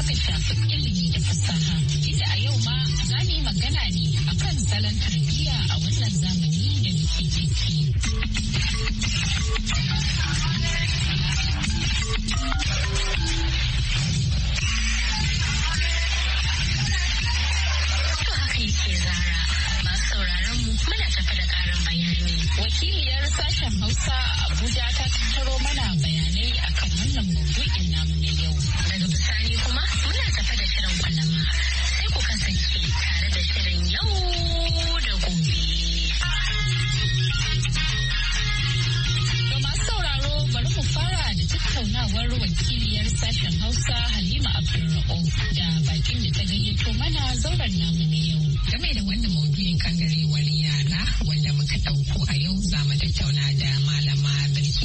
suka shafi ilimi da fasaha. Inda a yau ma za mu yi magana ne akan salon tarbiyya a wannan zamani. ɗauko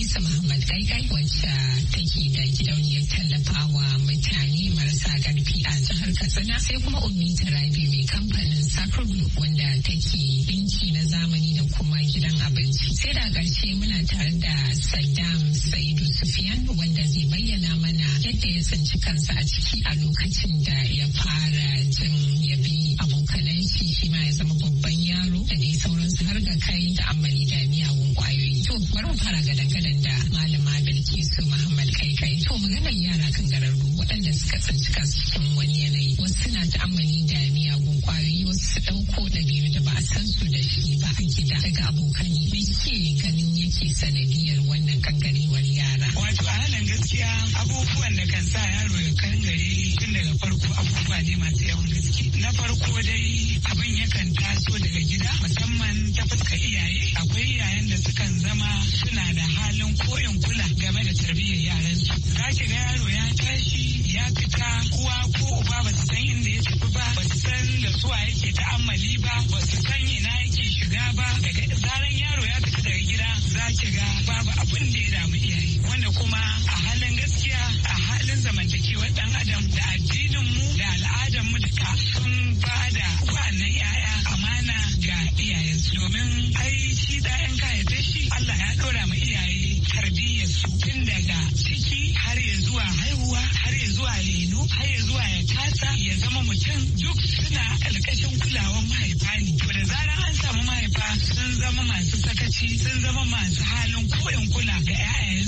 Hafsa Muhammad Kaikai wacce take da gidauniyar tallafawa mutane marasa karfi a jihar Katsina sai kuma Ummi Tarabi mai kamfanin Sacroblock wanda take dinki na zamani da kuma gidan abinci. Sai da ƙarshe muna tare da Saddam Saidu Sufiyan wanda zai bayyana mana yadda ya tsinci kansa a ciki a lokacin da ya fara jin ya bi abokanan shi shi ma ya zama babban yaro da dai sauransu har ga kai da amali da miyagun kwayoyi. To bari mu fara gadan-gadan da malama Bilkisu Muhammad Kaikai. To maganar yara kan gararru waɗanda suka tsinci kansu cikin wani yanayi suna ta'ammali da miyagun kwayoyi wasu su ɗauko da biyu da ba a san su da shi ba a gida daga abokan mai ke ganin yake sanadiyar wannan kangarewar yara. Wato a halin gaskiya abubuwan da kan sa yaro ya kangare tun daga farko abubuwa ne masu yawan gaske. Na farko dai abin yakan taso daga gida musamman ta fuska iyaye akwai iyayen da sukan zama suna da halin koyon kula game da tarbiyyar yaransu. Za ki ga yaro ya tashi ya fita uwa ko uba ba su san inda ya tafi ba ba su san da suwa yake ta'ammali ba ba su san ina yake shiga ba daga zaran yaro ya fita daga gida za ki ga babu abin da ya damu iyaye wanda kuma a halin gaskiya a halin zamantakewar dan adam da addinin mu da al'adar mu da sun ba da wa'annan 'ya'ya amana ga iyayensu domin ai shi da 'yan kayafe shi Allah ya ɗora ma iyaye tarbiyyarsu tun daga ciki har ya zuwa haihuwa har zuwa leno har ya zuwa ya tasa ya zama mutum duk suna alkashin kulawan mahaifa ne to da zarar an samu mahaifa sun zama masu sakaci sun zama masu halin koyon kula ga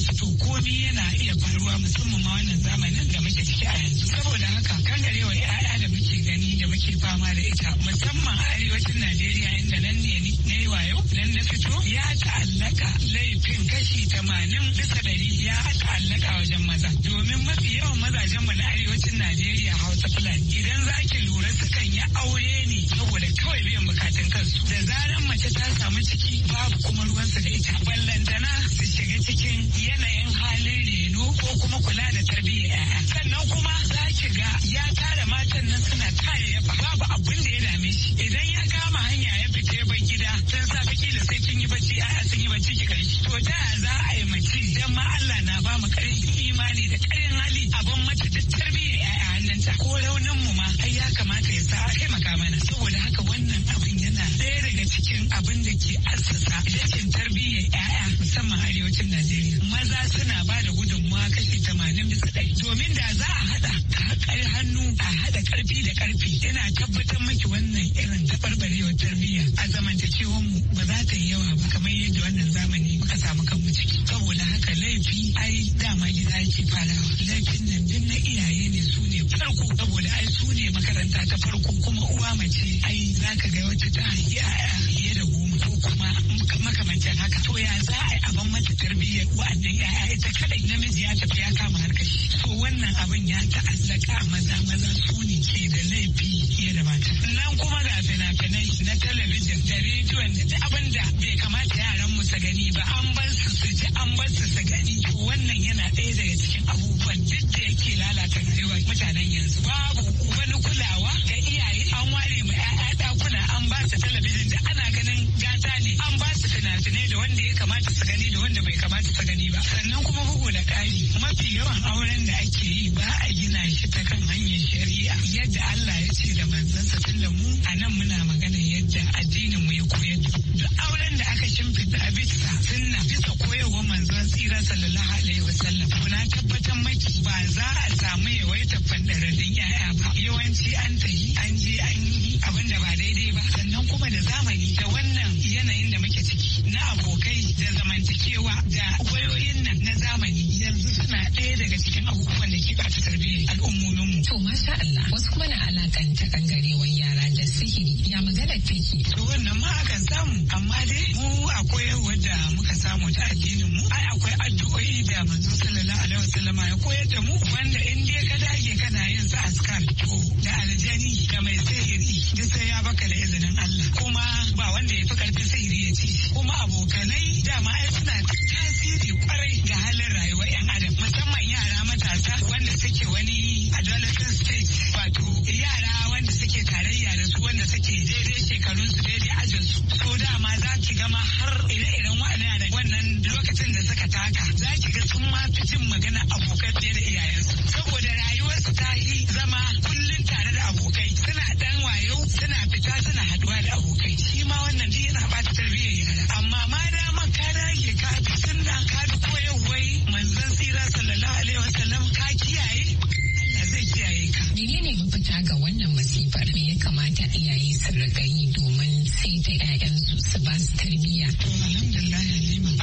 su to komi yana iya faruwa musamman ma wannan zamanin da muke ciki a yanzu saboda haka kangarewa ƴaƴa da da muke fama da ita musamman a arewacin Najeriya inda nan ne ni na yi wayo nan na fito ya ta'allaka laifin kashi tamanin bisa dari ya ta'allaka wajen maza domin mafi yawan mazajen mu na arewacin Najeriya Hausa Fulani idan za ki lura sukan yi aure ni saboda kawai biyan bukatun kansu da zaran mace ta samu ciki babu kuma ruwansu da ita ballantana su shiga cikin yanayin halin rayu ko kuma kula da tarbiyyar ya'ya sannan kuma za ki ga ya tara matan nan suna fa babu abin da ya dame shi idan ya kama hanya ya fita ya bar gida sun safe kila sai kin yi bacci ya'ya sun yi bacci ki kai to ta za a yi mace dan ma Allah na ba mu karfin imani da karin hali abin mace duk tarbiyyar ya'ya ta ko raunin mu ma ai ya kamata ya sa a taimaka mana saboda haka wannan abin yana tsere daga cikin abin da ke assasa rashin tarbiyyar 'ya'ya musamman arewacin Najeriya. Maza suna ba da gudunmawa kashi tamanin bisa ɗari. Domin da za a haɗa haƙar hannu a haɗa ƙarfi da ƙarfi yana tabbatar maki wannan irin taɓarɓarewar tarbiyya a zamantakewar mu ba za ta yi yawa ba kamar yadda wannan zamani muka samu kanmu ciki. Saboda haka laifi ai dama gida yake farawa. Laifin nan duk na iyaye ne su ne farko saboda ai su ne makaranta ta farko kuma uwa mace ai za ka ga wacce ta haƙi fiye da goma ko kuma makamancin haka to ya za a yi abin mata tarbiyyar wa'annan ya'ya ita kadai namiji ya tafi ya kama harkar shi to wannan abin ya ta'allaka maza maza su ne ke da laifi fiye da mata nan kuma ga fina-finai na talabijin da rediyon da abin da bai kamata yaran mu su gani ba an bar auren da ake yi ba a gina shi ta kan hanyar shari'a yadda Allah ya ce da manzansa tunda mu a nan muna magana yadda addinin mu ya koyar da auren da aka shimfita a bisa sunna bisa koyarwar manzon tsira sallallahu alaihi wasallam kuna tabbatar maki ba za a samu yawaitar fandaradin 'ya'ya ba yawanci an tahi an alakanta kangarewar yara da sihiri ya magana take. To wannan ma akan samu amma dai mu akwai wadda muka samu ta addinin mu ai akwai addu'o'i da manzo sallallahu alaihi wasallam ya koyar da mu wanda in dai ka dage kana yin su askar to da aljani da mai sihiri duk sai ya baka da izinin Allah kuma ba wanda ya fi karfin sihiri ya ci kuma abokanai da ai suna tasiri kwarai ga halin rayuwar 'yan adam musamman yara matasa wanda kiyaye menene mafita ga wannan masifar me ya kamata iyaye su riga yi domin ta 'ya'yansu su ba su tarbiyya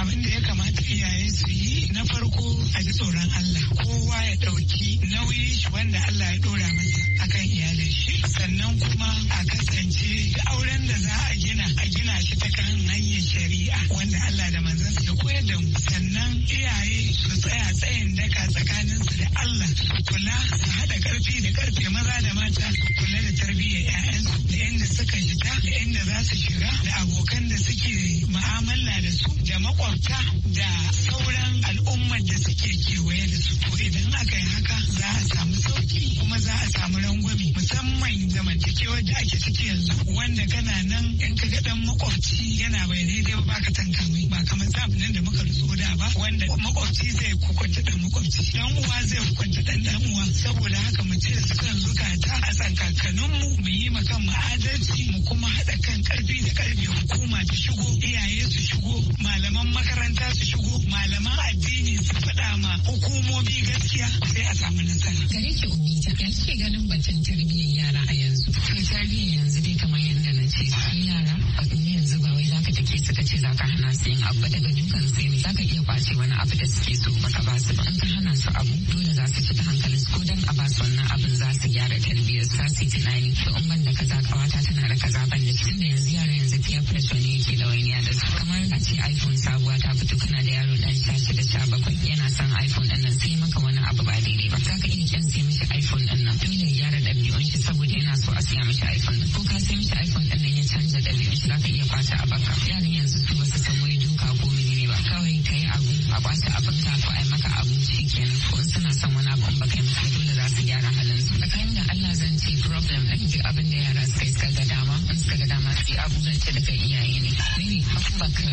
abin da ya kamata iyaye su yi na farko a ji tsoron Allah kowa ya ɗauki nauyi shi wanda Allah ya ɗora masa akan iyalin shi sannan kuma a kasance da auren da za a gina a gina shi ta kan hanyar shari'a wanda Allah da su ya koyar da mu sannan iyaye su tsaya tsayin daka tsakanin su da Allah su kula su haɗa ƙarfi da ƙarfi ce maza da mata su kula da tarbiyyar 'ya'yansu da yadda suka shiga da inda za su shiga da abokan da suke mu'amala da su da makwabta da sauran al'ummar da suke kewaye da su ko idan aka yi haka za a samu sauki kuma za a samu rangwami musamman zamantakewar da ake ciki yanzu wanda kana nan in ka ga dan makwabci yana bai daidai ba ka tanka mai ba kamar zamanin da muka rutsu da ba wanda makwabci zai hukunta dan makwabci dan uwa zai hukunta dan dan uwa saboda haka mu su. kan zukata a tsakankaninmu mu mu yi ma kan adalci mu kuma haɗa kan ƙarfi da ƙarfi hukuma ta shigo iyaye su shigo malaman makaranta su shigo malaman addini su faɗa ma hukumomi gaskiya sai a samu nasara. Gare ki Umita, ya ke ganin batun tarbiyyar yara a yanzu? To tarbiyyar yanzu dai kamar yadda na ce, yara a yanzu ba ka take suka ce za ka hana su yin abu daga dukan su ne za ka iya kwace wani abu da suke so ka ba su ba in ka hana su abu dole za su fita hankalin su ko dan a ba su wannan abin za su gyara tarbiyyar za su yi tunani to in ban da kaza kawata tana da kaza ban da da yanzu yara yanzu fiye pressure ne yake da wani da su kamar a ce iphone sabuwa ta fito kana da yaro dan sha shida sha bakwai yana son iphone din nan sai maka wani abu ba daidai ba za ka iya kyan sai mishi iphone din nan dole ya gyara ɗabi'un shi saboda yana so a siya mishi iphone ko ka sai mishi iphone din nan ya canza ɗabi'un shi za ka iya kwace yaran yanzu su basu san wani duka ko menene ba kawai kai yi abu a kwace abinka ka a yi maka abu shi kenan ko suna san wani abu ba kai maka dole za su gyara halin su tsakanin da Allah zan ce problem ɗin duk abin da yara suka yi suka ga dama in suka ga dama su yi abu zan ce daga iyaye ne ne ba ka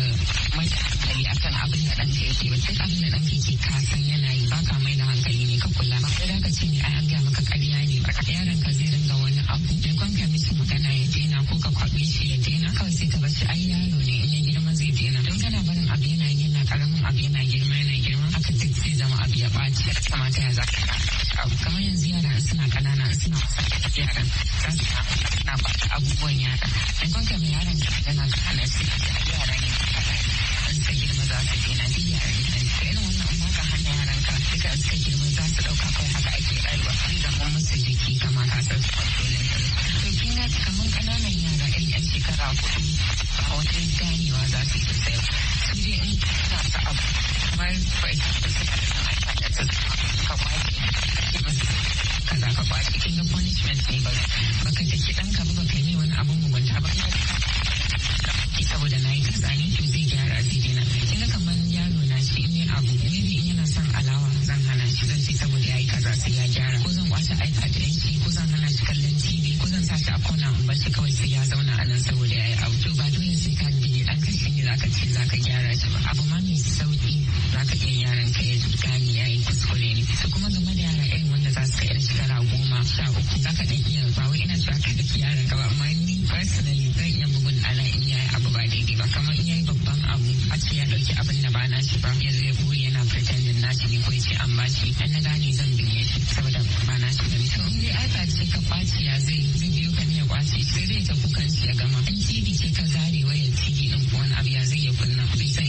mai da hankali akan abin da ɗanka yake ba duk abin da ɗanka yake ka san yana yi ba ka mai da hankali ne ka kula ba sai da ka ce ne ai an gaya maka ƙarya ne ba yaran ka zai dinga wani abu da da ba ji da kamata ya abu kamar yanzu yara suna kanana suna wasa da yaran za su na ba abubuwan yara in kun kama yaran da magana ga hana su yara ne an sa girma za su je na yaran da ne irin wannan in baka hana yaran ka duka suka girma za su dauka kawai haka ake rayuwa an zama musu jiki kamar ka san su kwantolin to kin ga kamar kananan yara ɗan yan shekara hudu ba wata ganewa za su yi sosai sai dai in ka abu kamar ba ita suna da ka kwace ka kwace ne ba baka ba baka yi wani abun mugunta ba saboda na yi kaza ne to zai gyara zai daina Ina ga yaro na shi abu yana son alawa zan hana shi zan ya yi kaza sai ya gyara ko zan shi ko zan hana shi kallon tv ko zan sa shi a kona ya zauna a nan saboda ya yi ba dole sai ka bi an kai shi ne zaka ce zaka gyara shi abu ma mai sauki za ka iya yaran ka ya gane yayin kuskure ne su kuma game da yara irin wanda za su kai yar shekara goma sha uku za ka ɗan iya ba wai ina zaka ka ɗauki yaran ka ba amma ni personally zan iya bugun ala in yayi abu ba daidai ba kamar in ya yi babban abu a ce ya ɗauki abin da ba na shi ba yanzu ya buri yana pretending na shi ne ko ya ce an ba shi na gane zan biye shi saboda ba na shi ba ne. to in dai ce ka kwaci ya zai zai biyo ka ne ya kwaci sai zai ta kukan shi ya gama in tv ce ka zarewa ya ɗin wani abu ya zai ya kunna bai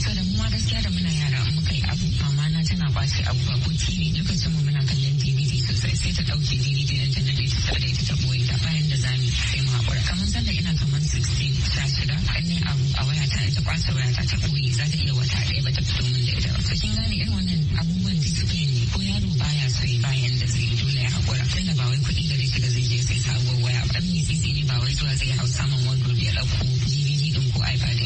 saboda mu gaskiya da muna yara in muka yi abu na tana shi abu ba ko tv lokacin mu muna kallon dvd sosai sai ta dauke dvd dan ta nade ta da ita ta boye ta bayan da zamu sai mu hakura kamar sanda ina kamar 16 sha shida ne abu a wayata ta kwasa wayata ta boye za ta iya wata ɗaya ba ta fito min da ita ba kin gane irin wannan abubuwan suke ne ko yaro baya so ya bayan da zai dole ya hakura da ba wai kuɗi da rike da zai je sai sabuwar waya ba dan ne ne ba wai zuwa zai hau saman wando ya dauko dvd din ko ipad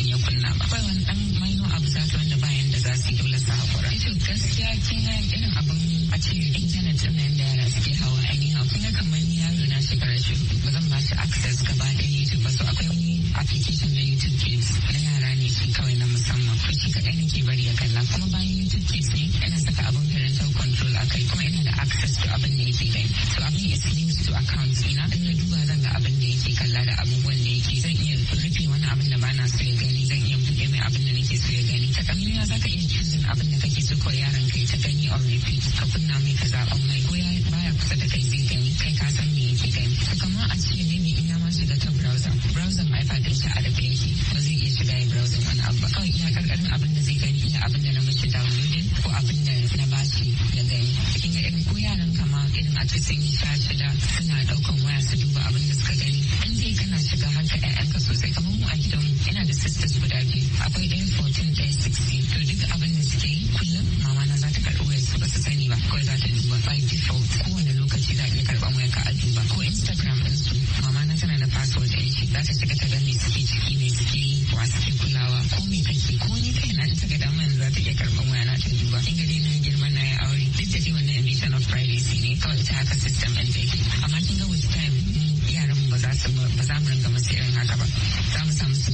kin ga irin abin a ce internet din nan da yara suke hawa anyhow kin ga kamar yaro na shekara shi ba zan ba shi access gaba da YouTube ba so akwai wani application na YouTube Kids na yara ne shi kawai na musamman ko shi kaɗai nake bari ya kalla kuma bayan YouTube Kids ne ina saka abin parental control a kai kuma ina da access to abin da yake gani so abin is linked to accounts ina in na duba zan ga abin da yake kalla da abubuwan da yake zan iya rufe wani abin da ba na so ya gani zan iya buɗe mai abin da nake so ya gani kamar za zaka iya choosing abin da kake so ko yaran ka zaɓa ka kunna mai ka zaɓa mai ko ya baya kusa da kai zai gani kai ka san me yake gani to kamar a cikin ne ina ma shiga ta browser browser ma ifa din shi a rufe yake ba zai iya shiga yin browser wani abu ba kawai iya karkarin abin da zai gani iya abin da na mace downloading ko abin da na baki ya gani kin ga irin ko yaran kama irin a ce sun yi sha shida suna ɗaukan waya su duba abin da suka gani in dai kana shiga harka ka sosai kamar mu a gidanmu yana da sisters guda biyu akwai ɗayan kawai za ta duba by default kowane lokaci za ta karɓa mu yanka ka a duba ko instagram ɗin su mama na tana da password ɗin shi za ta shiga ta ga mai suke ciki mai suke yi wa suke kulawa ko mai kake ko ni kai na ta ga daman za ta iya karɓa mu yana ta duba in ga dai na girma na ya aure duk da dai wannan invasion of privacy ne kawai ta haka system ɗin da yake amma kin ga with time yaran ba za mu ringa masu irin haka ba za mu samu su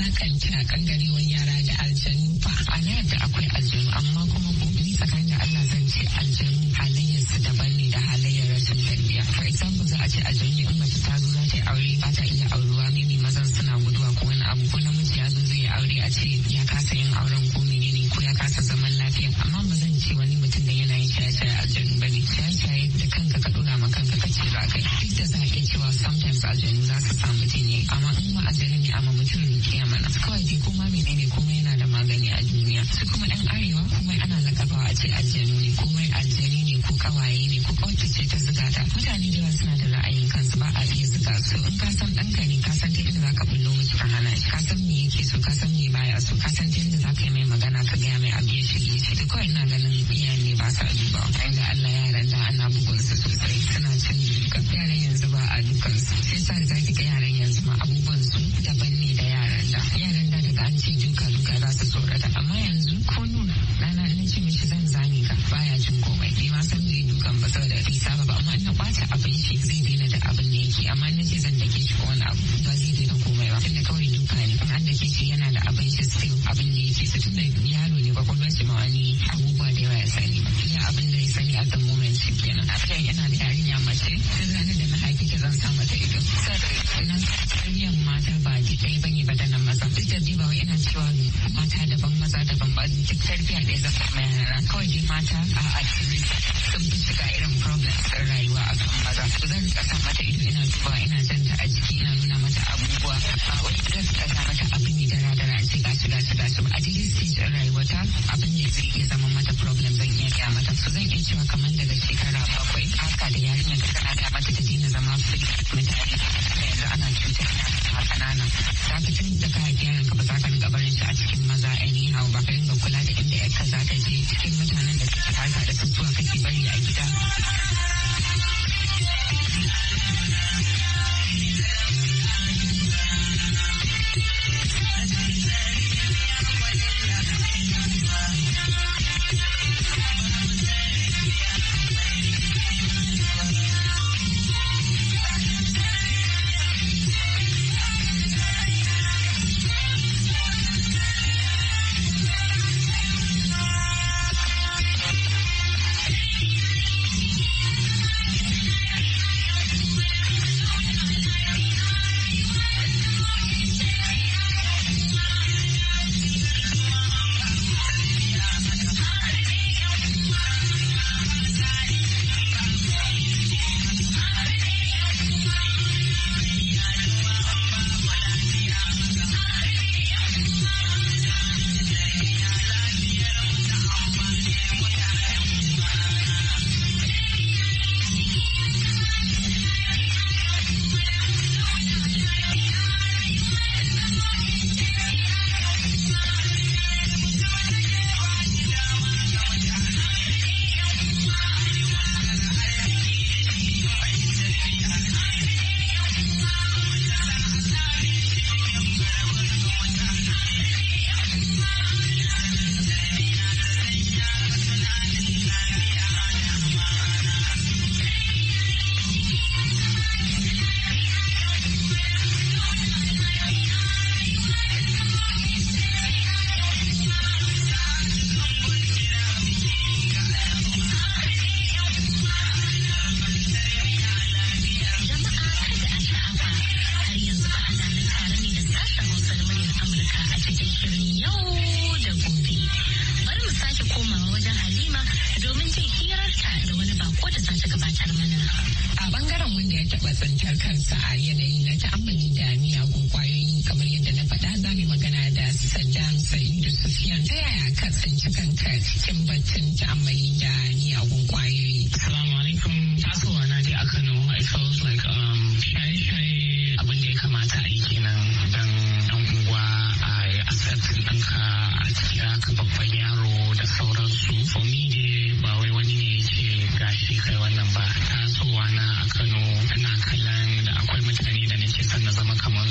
alakanta wani yara da aljanu ba a da akwai aljanu amma kuma ni tsakanin da Allah zan ce aljanu halayyar su daban ne da halayyar rashin tarbiyya for example za a ce aljanu ne in mace ta zo za ta yi aure ba ta iya aurewa mimi mazan suna guduwa ko wani abu ko namiji ya zo zai yi aure a ce ya kasa yin auren ko menene ko ya kasa zaman lafiya amma ba zan ce wani mutum da yana yin shaye-shaye aljanu ba ne shaye-shaye kama kanka kake za kai duk da zan iya cewa sometimes aljanu za ka samu jini amma in ma aljanu ne amma mutum ne ke mana kawai dai kuma menene kuma yana da magani a duniya su kuma dan arewa kuma ana lakabawa a ce aljanu ne kuma aljani ne ko kawaye ne ko kawai ce ta zuga ta mutane da yawa suna da ra'ayin kansu ba a iya zuga su in ka san ɗanka ne ka san ta inda za ka bullo musu ka hana shi ka san yake su kasan san baya su kasan san za ka yi mai magana ka gaya mai abin shi ne shi duk kawai na ganin iya ne ba sa duba kai da Allah yaran da ana bugun su sosai suna cin duka yanzu ba a dukansu da yarinyar ta kana da mata ta daina zama free mutane yanzu ana cutar da kanana za ka tun da ka haifi yaron ba za ka rinka barin shi a cikin maza anyhow ba ka rinka kula da inda yarka za ta je cikin mutanen da suke harka da su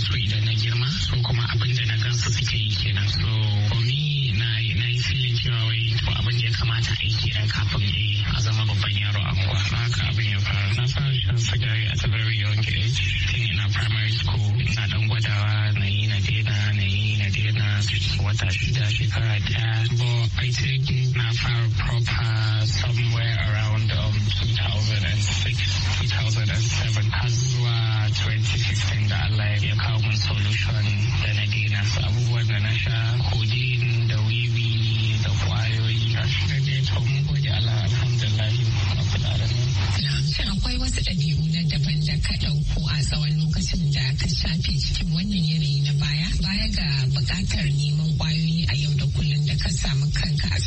su idan na girma so kuma abin da na gansu suke yi kenan so Komi na na yi filin cewa wai to abin da ya kamata a yi kenan kafin a zama babban yaro a unguwa haka da buƙatar neman kwayoyi a yau da kullum da ka samu kanka a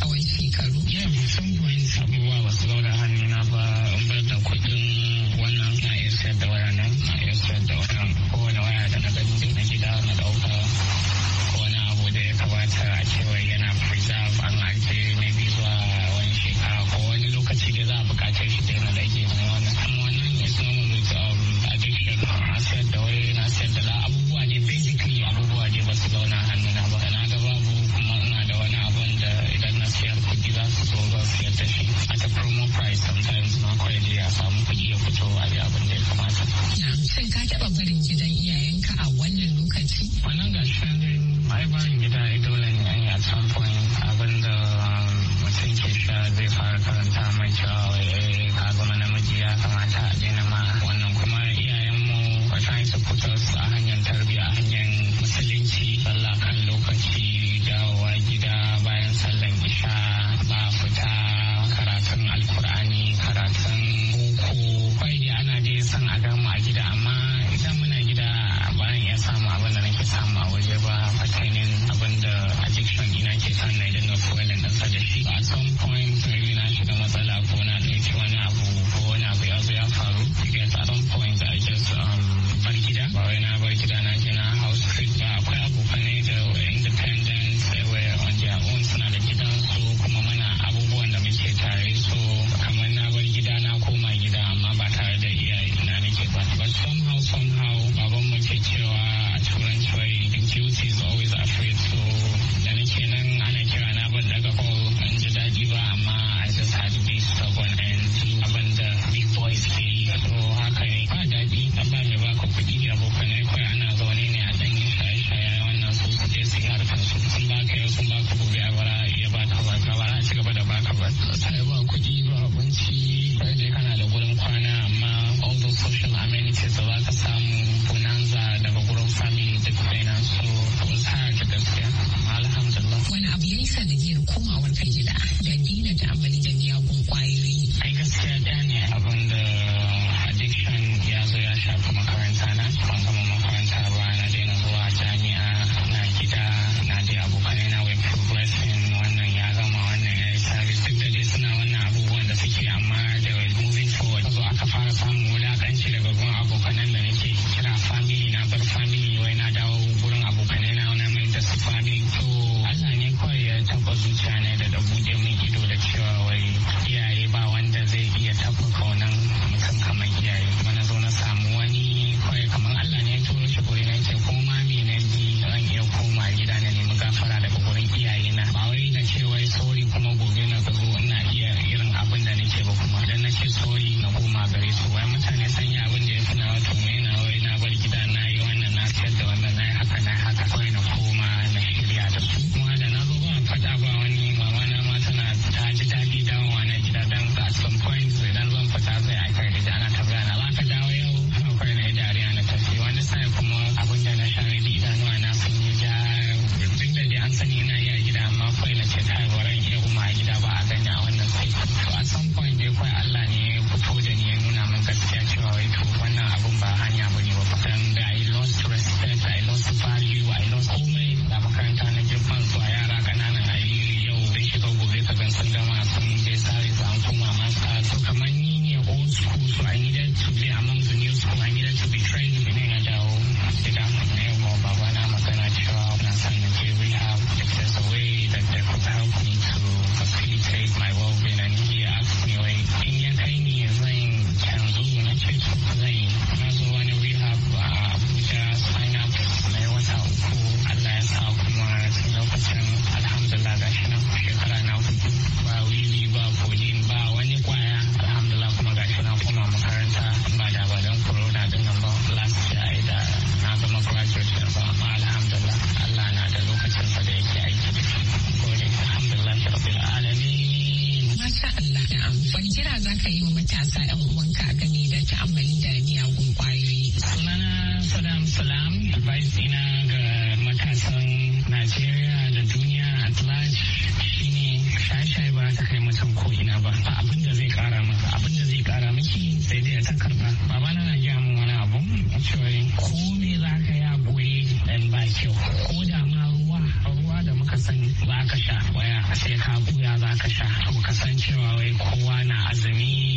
kaina ba a abin da zai kara maka abin da zai kara miki sai dai ta karba baba na na gaya min wani abu cewa ko me za ka ya goye dan ba kyau ko da ma ruwa ruwa da muka san za ka sha waya sai ka goya za ka sha to kasancewa wai kowa na azumi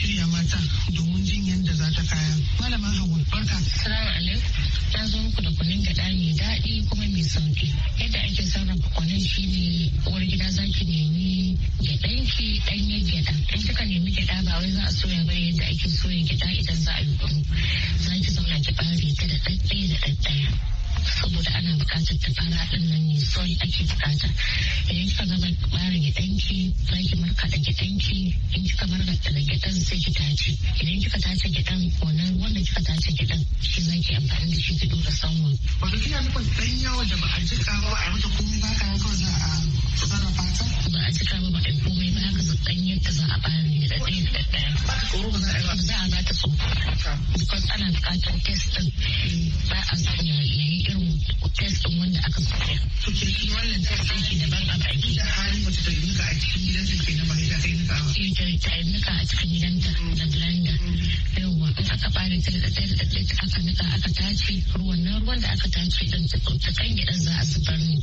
shirya mata domin jin yadda za ta kaya. malaman Hauwa, barka. Salamu alaikum. Ta zo muku da kunin gyaɗa mai daɗi kuma mai sauki. Yadda ake sarrafa kunin shi ne uwar gida za ki nemi gyaɗanki ɗanyen gyaɗa. In kika nemi gyaɗa ba wai za a soya ba yadda ake soya gyaɗa idan za a yi kunu. Za ki zauna ki ɓare ta da ɗaɗɗaya da ɗaɗɗaya. saboda ana bukatar ta fara din nan ne sai ake bukata idan kika gama bara gidanki za ki markaɗa gidanki in kika markaɗa gidan sai ki tace idan kika tace gidan wannan wanda kika tace gidan shi za ki amfani da shi ki dora sanwa. Wato kina nufin ɗan yawon da ba a jika ba a wata mata komai ba yi kawai za a sarrafa ta? Ba a ji ba ba a komai ba haka ɗan yadda za a bayar ne da ɗaya da ba. Tsoro ba za a yi ba. Za a ba ta tsoro. Because ana bukatar test ɗin ba a zanya yayi irin test wanda aka Wannan test daban a baki da halin ta nika a cikin gidanta da blender yawwa in aka bare ta da aka nika aka tace ruwan nan ruwan da aka tace din ta kan za a zubar ne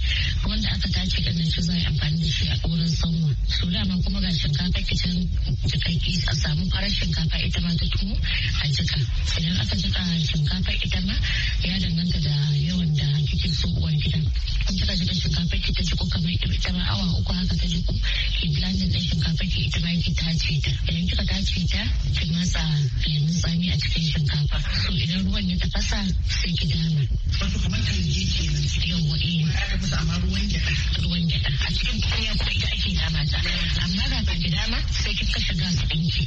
ruwan da aka tace din nan shi za a amfani da shi a wurin sanwa so dama kuma ga shinkafa kicin jikakki a samu farar shinkafa ita ma ta tuwo a jika idan aka jika shinkafa ita ma ya danganta da yawan da kike so uwar gidan in kika jika shinkafa ki ta jiko kamar ita ma awa uku haka ta jiko ki blending din shinkafa ki ita ma ki tace ta idan kika tace ta ki matsa lemun tsami a cikin shinkafa so idan ruwan ya tafasa sai ki dama wato kamar talge kenan yawwa eh aka musu amma ruwan gyada ruwan gyada a cikin kunya ko ita ake dama ta amma kafin ki dama sai ki kashe gas din ki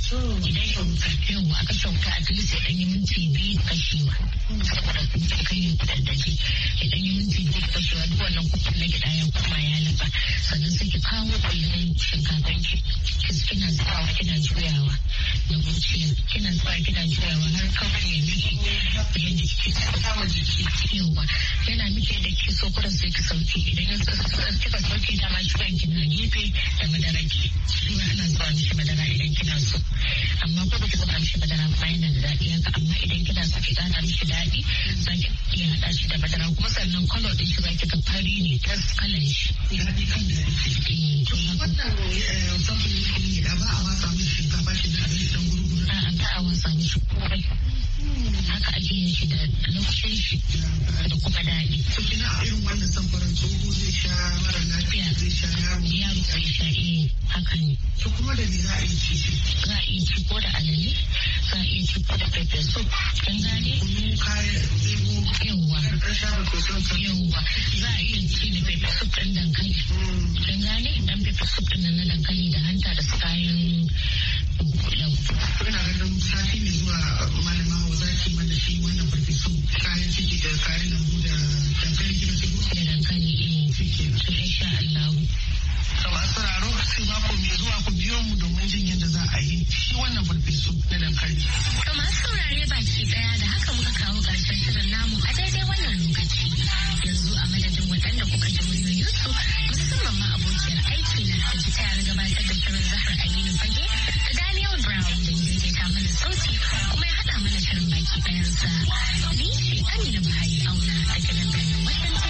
idan shauka yawwa aka shauka a cikin sai dan yi minti biyu kashewa saboda kai ne da yi minti biyu fashewa duk wannan kukin na gida ya kuma ya lafa sannan sai ki kawo kullun shinkafan ki kina zuwa kina juyawa da zuciya kina zuwa kina juyawa har kawai ya miki yadda kike sawa jiki yawa yana miki yadda kike so kuran sai ki sauke idan ya kika sauke da ma kiran ki na gefe da madara ki kuma ana zuwa miki madara idan kina so amma kuma baki zuba mishi madara ba da daɗi haka amma idan kina so ki ƙara mishi daɗi za iya haɗa shi da madara kuma sannan kwalo ɗin shi za ki ga fari ne tas kalan shi. Daɗi kan da ake. Eh, to wannan eh, samfuri ne gida ba a wasa mai shinkafa shi da abin ɗan gurguru. A'a ba a wasa mai shi komai. haka ake yin shi da lokacin shi da kuma daɗi. To kina a irin wannan samfarin tsoho zai sha mara lafiya zai sha yaro. Yaro zai sha eh haka ne. To kuma da me za a yi ci? Za a yi ci ko da alale, za a yi ci ko da pepper soup, kin gane? kayan ebo za a iya ci da ɗin dankali kin gane dan na dankali da hanta da kayan lambu sati mai zuwa malama wa za mana wannan pepper soup kayan da dankali kina ce da dankali eh insha Allah ga masu raro sai mako mai zuwa ku biyo mu domin jin yadda za a yi shi wannan bulbisu na dankali. Ga masu saurare baki daya da haka muka kawo ƙarshen shirin namu a daidai wannan lokaci. Yanzu a madadin waɗanda kuka ji muryoyinsu musamman ma abokiyar aiki na da ta tayar gabatar da shirin zahar Aminu Fage da Daniel Brown da daidaita mana sauti kuma ya haɗa mana shirin baki ɗayansa. Ni ce Amina Buhari Auna a nan birnin Washington.